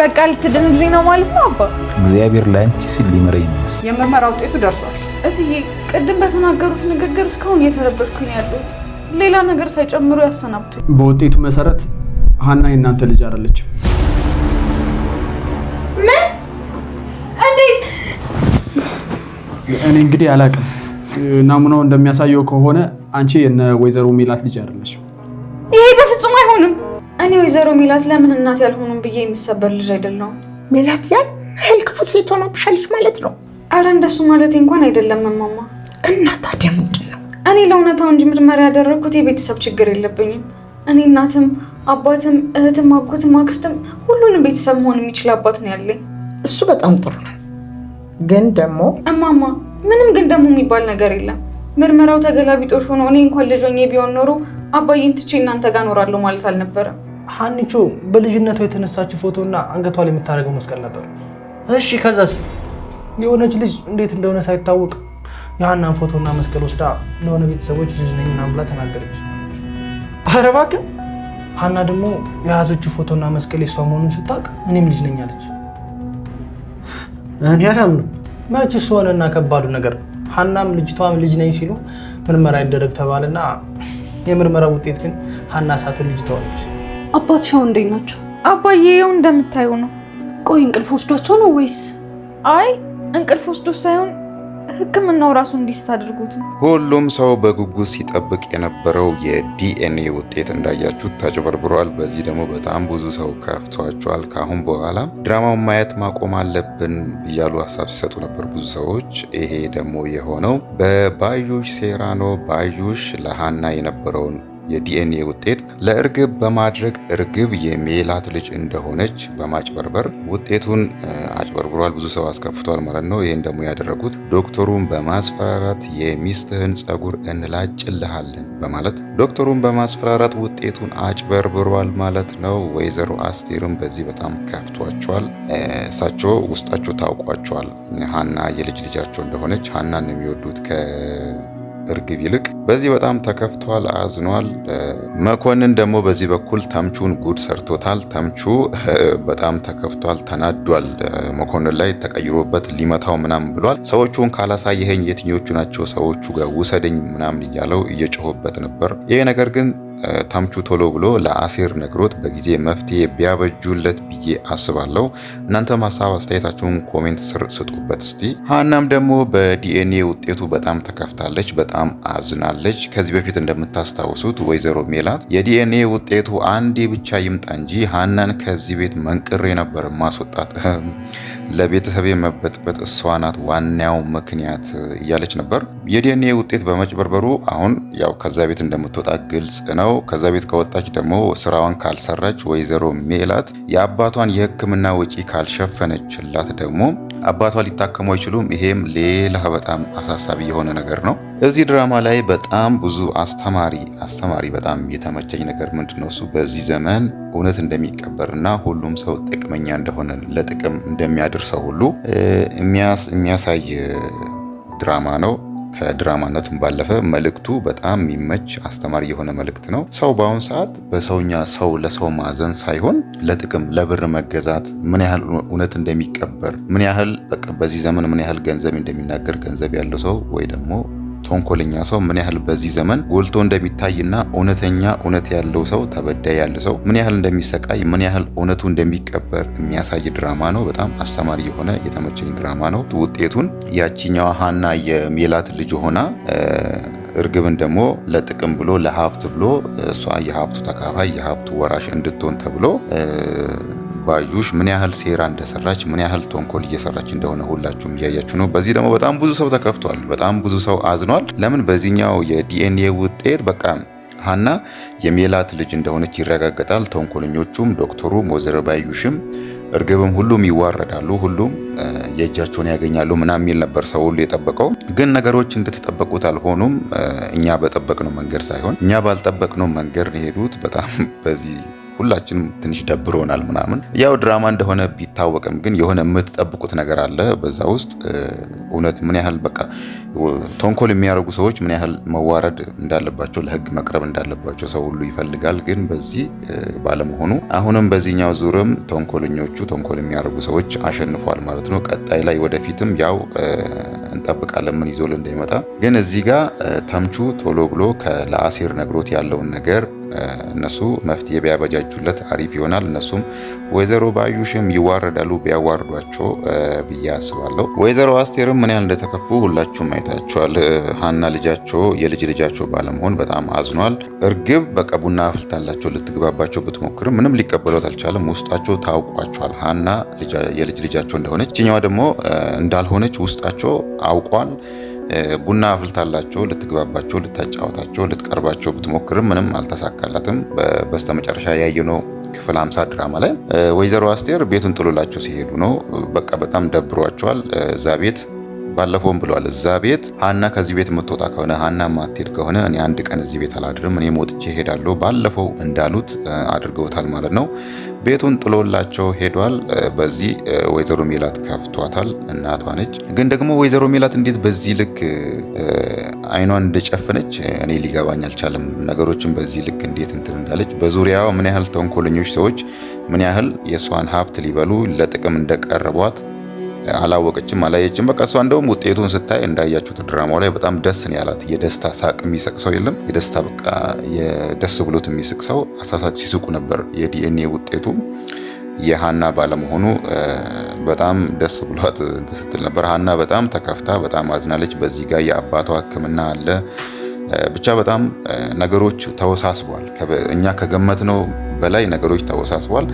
በቃ ልትድንልኝ ነው ማለት ነው አባ? እግዚአብሔር ለአንቺ ሲል ሊምረኝ ነው። የምርመራ ውጤቱ ደርሷል። እትዬ ቅድም በተናገሩት ንግግር እስካሁን እየተረበሽኩኝ ያለሁት ሌላ ነገር ሳይጨምሩ ያሰናብቱ። በውጤቱ መሰረት ሀና የእናንተ ልጅ አይደለችም። ምን? እንዴት? እኔ እንግዲህ አላውቅም። ናሙናው እንደሚያሳየው ከሆነ አንቺ የነ ወይዘሮ ሚላት ልጅ አይደለችም። ይሄ በፍጹም አይሆንም። እኔ ወይዘሮ ሜላት ለምን እናት ያልሆኑም ብዬ የሚሰበር ልጅ አይደለሁም። ሜላት ያን ያህል ክፉ ሴት ሆናብሻለች ማለት ነው? አረ እንደሱ ማለቴ እንኳን አይደለም እማማ። እና ታዲያ ምንድን ነው? እኔ ለእውነታው እንጂ ምርመራ ያደረግኩት የቤተሰብ ችግር የለብኝም። እኔ እናትም አባትም እህትም አጎትም አክስትም ሁሉንም ቤተሰብ መሆን የሚችል አባት ነው ያለኝ። እሱ በጣም ጥሩ ነው። ግን ደግሞ እማማ፣ ምንም ግን ደግሞ የሚባል ነገር የለም። ምርመራው ተገላቢጦሽ ሆኖ እኔ እንኳን ልጆኜ ቢሆን ኖሮ አባዬን ትቼ እናንተ ጋር እኖራለሁ ማለት አልነበረም። ሀኒቾ በልጅነቷ የተነሳችው ፎቶና አንገቷ ላይ የምታደርገው መስቀል ነበር። እሺ ከዛስ? የሆነች ልጅ እንዴት እንደሆነ ሳይታወቅ የሀናን ፎቶና መስቀል ወስዳ ለሆነ ቤተሰቦች ልጅ ነኝ ምናምን ብላ ተናገረች። ኧረ እባክህ! ሀና ደግሞ የያዘችው ፎቶና መስቀል የሷ መሆኑን ስታውቅ እኔም ልጅ ነኝ አለች። እኔ አላምንም። እሱ ሆነና ከባዱ ነገር ሀናም ልጅቷም ልጅ ነኝ ሲሉ ምርመራ ይደረግ ተባለና የምርመራ ውጤት ግን ሀና ሳትን ልጅቷ አባትሽ አሁን እንዴት ናቸው? አባዬ ይኸው እንደምታየው ነው። ቆይ እንቅልፍ ወስዷቸው ነው ወይስ? አይ እንቅልፍ ወስዶ ሳይሆን ሕክምናው ራሱ እንዲስት አድርጉት ሁሉም ሰው በጉጉት ሲጠብቅ የነበረው የዲኤንኤ ውጤት እንዳያችሁት ተጭበርብሯል። በዚህ ደግሞ በጣም ብዙ ሰው ከፍቷቸዋል። ከአሁን በኋላ ድራማውን ማየት ማቆም አለብን እያሉ ሀሳብ ሲሰጡ ነበር ብዙ ሰዎች። ይሄ ደግሞ የሆነው በባዩሽ ሴራ ነው። ባዩሽ ለሀና የነበረውን የዲኤንኤ ውጤት ለእርግብ በማድረግ እርግብ የሜላት ልጅ እንደሆነች በማጭበርበር ውጤቱን አጭበርብሯል። ብዙ ሰው አስከፍቷል ማለት ነው። ይህን ደግሞ ያደረጉት ዶክተሩን በማስፈራራት የሚስትህን ጸጉር እንላጭልሃለን በማለት ዶክተሩን በማስፈራራት ውጤቱን አጭበርብሯል ማለት ነው። ወይዘሮ አስቴርም በዚህ በጣም ከፍቷቸዋል። እሳቸው ውስጣቸው ታውቋቸዋል። ሀና የልጅ ልጃቸው እንደሆነች ሀናን የሚወዱት ከ እርግብ ይልቅ በዚህ በጣም ተከፍቷል፣ አዝኗል። መኮንን ደግሞ በዚህ በኩል ተምቹን ጉድ ሰርቶታል። ተምቹ በጣም ተከፍቷል፣ ተናዷል። መኮንን ላይ ተቀይሮበት ሊመታው ምናምን ብሏል። ሰዎቹን ካላሳየኸኝ የትኞቹ ናቸው ሰዎቹ ጋር ውሰደኝ ምናምን እያለው እየጮሆበት ነበር። ይሄ ነገር ግን ተምቹ ቶሎ ብሎ ለአሴር ነግሮት በጊዜ መፍትሄ ቢያበጁለት ብዬ አስባለሁ። እናንተም ሀሳብ አስተያየታችሁን ኮሜንት ስር ስጡበት እስቲ። ሀናም ደግሞ በዲኤንኤ ውጤቱ በጣም ተከፍታለች፣ በጣም አዝናለች። ከዚህ በፊት እንደምታስታውሱት ወይዘሮ ሜላት የዲኤንኤ ውጤቱ አንዴ ብቻ ይምጣ እንጂ ሀናን ከዚህ ቤት መንቅሬ ነበር ማስወጣት ለቤተሰብ መበጥበጥ እሷ ናት ዋናው ምክንያት እያለች ነበር። የዲኤንኤ ውጤት በመጭበርበሩ አሁን ያው ከዛ ቤት እንደምትወጣ ግልጽ ነው። ከዛ ቤት ከወጣች ደግሞ ስራዋን ካልሰራች ወይዘሮ ሜላት የአባቷን የሕክምና ወጪ ካልሸፈነችላት ደግሞ አባቷ ሊታከሙ አይችሉም። ይሄም ሌላ በጣም አሳሳቢ የሆነ ነገር ነው። እዚህ ድራማ ላይ በጣም ብዙ አስተማሪ አስተማሪ በጣም የተመቸኝ ነገር ምንድን ነው እሱ በዚህ ዘመን እውነት እንደሚቀበርና ሁሉም ሰው ጥቅመኛ እንደሆነ ለጥቅም እንደሚያደርሰው ሁሉ የሚያሳይ ድራማ ነው። ከድራማነቱም ባለፈ መልእክቱ በጣም የሚመች አስተማሪ የሆነ መልእክት ነው። ሰው በአሁኑ ሰዓት በሰውኛ ሰው ለሰው ማዘን ሳይሆን ለጥቅም ለብር መገዛት ምን ያህል እውነት እንደሚቀበር ምን ያህል በዚህ ዘመን ምን ያህል ገንዘብ እንደሚናገር ገንዘብ ያለው ሰው ወይ ደግሞ ተንኮለኛ ሰው ምን ያህል በዚህ ዘመን ጎልቶ እንደሚታይና እውነተኛ እውነት ያለው ሰው ተበዳይ ያለ ሰው ምን ያህል እንደሚሰቃይ ምን ያህል እውነቱ እንደሚቀበር የሚያሳይ ድራማ ነው። በጣም አስተማሪ የሆነ የተመቸኝ ድራማ ነው። ውጤቱን ያቺኛዋ ሀና የሜላት ልጅ ሆና እርግብን ደግሞ ለጥቅም ብሎ ለሀብት ብሎ እሷ የሀብቱ ተካፋይ የሀብቱ ወራሽ እንድትሆን ተብሎ ባዩሽ ምን ያህል ሴራ እንደሰራች ምን ያህል ተንኮል እየሰራች እንደሆነ ሁላችሁም እያያችሁ ነው። በዚህ ደግሞ በጣም ብዙ ሰው ተከፍቷል። በጣም ብዙ ሰው አዝኗል። ለምን በዚህኛው የዲኤንኤ ውጤት በቃ ሀና የሜላት ልጅ እንደሆነች ይረጋገጣል። ተንኮለኞቹም፣ ዶክተሩ፣ ወይዘሮ ባዩሽም እርግብም ሁሉም ይዋረዳሉ። ሁሉም የእጃቸውን ያገኛሉ ምናምን የሚል ነበር ሰው ሁሉ የጠበቀው። ግን ነገሮች እንደተጠበቁት አልሆኑም። እኛ በጠበቅነው መንገድ ሳይሆን እኛ ባልጠበቅነው መንገድ ነው የሄዱት። በጣም በዚህ ሁላችንም ትንሽ ደብሮናል ምናምን። ያው ድራማ እንደሆነ ቢታወቅም ግን የሆነ የምትጠብቁት ነገር አለ በዛ ውስጥ እውነት ምን ያህል በቃ ተንኮል የሚያደርጉ ሰዎች ምን ያህል መዋረድ እንዳለባቸው ለህግ መቅረብ እንዳለባቸው ሰው ሁሉ ይፈልጋል። ግን በዚህ ባለመሆኑ አሁንም በዚህኛው ዙርም ቶንኮልኞቹ ተንኮል የሚያደርጉ ሰዎች አሸንፏል ማለት ነው። ቀጣይ ላይ ወደፊትም ያው እንጠብቃለን ምን ይዞል እንዳይመጣ ግን እዚህ ጋር ተምቹ ቶሎ ብሎ ለአሴር ነግሮት ያለውን ነገር እነሱ መፍትሄ ቢያበጃጁለት አሪፍ ይሆናል። እነሱም ወይዘሮ ባዩሽም ይዋረዳሉ ቢያዋርዷቸው ብዬ አስባለሁ። ወይዘሮ አስቴርም ምን ያህል እንደተከፉ ሁላችሁም አይታችኋል። ሀና ልጃቸው የልጅ ልጃቸው ባለመሆን በጣም አዝኗል። እርግብ በቃ ቡና አፍልታላቸው ልትግባባቸው ብትሞክርም ምንም ሊቀበሏት አልቻለም። ውስጣቸው ታውቋቸዋል። ሀና የልጅ ልጃቸው እንደሆነች፣ ይችኛዋ ደግሞ እንዳልሆነች ውስጣቸው አውቋል። ቡና አፍልታላቸው ልትግባባቸው ልታጫወታቸው ልትቀርባቸው ብትሞክርም ምንም አልተሳካላትም። በስተመጨረሻ ያየነው ክፍል 50 ድራማ ላይ ወይዘሮ አስቴር ቤቱን ጥሎላቸው ሲሄዱ ነው። በቃ በጣም ደብሯቸዋል እዛ ቤት ባለፈውም ብሏል። እዛ ቤት ሀና ከዚህ ቤት የምትወጣ ከሆነ ሀና ማትሄድ ከሆነ እኔ አንድ ቀን እዚህ ቤት አላድርም፣ እኔ ወጥቼ ሄዳለሁ። ባለፈው እንዳሉት አድርገውታል ማለት ነው። ቤቱን ጥሎላቸው ሄዷል። በዚህ ወይዘሮ ሜላት ከፍቷታል። እናቷ ነች። ግን ደግሞ ወይዘሮ ሜላት እንዴት በዚህ ልክ አይኗን እንደጨፈነች እኔ ሊገባኝ አልቻለም። ነገሮችን በዚህ ልክ እንዴት እንትን እንዳለች በዙሪያዋ ምን ያህል ተንኮለኞች ሰዎች ምን ያህል የእሷን ሀብት ሊበሉ ለጥቅም እንደቀረቧት አላወቀችም፣ አላየችም። በቃ እሷ እንደውም ውጤቱን ስታይ እንዳያችሁት ድራማው ላይ በጣም ደስ ነው ያላት። የደስታ ሳቅ የሚስቅ ሰው የለም። የደስታ በቃ የደስ ብሎት የሚስቅ ሰው አሳሳት ሲስቁ ነበር። የዲኤንኤ ውጤቱ የሀና ባለመሆኑ በጣም ደስ ብሏት ስትል ነበር። ሀና በጣም ተከፍታ በጣም አዝናለች። በዚህ ጋር የአባቷ ሕክምና አለ ብቻ በጣም ነገሮች ተወሳስቧል። እኛ ከገመትነው በላይ ነገሮች ተወሳስቧል።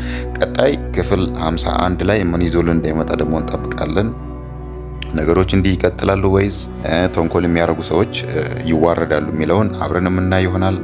ቀጣይ ክፍል 51 ላይ ምን ይዞልን እንደመጣ ደግሞ እንጠብቃለን። ነገሮች እንዲህ ይቀጥላሉ ወይስ ተንኮል የሚያደርጉ ሰዎች ይዋረዳሉ የሚለውን አብረን የምናይ ይሆናል።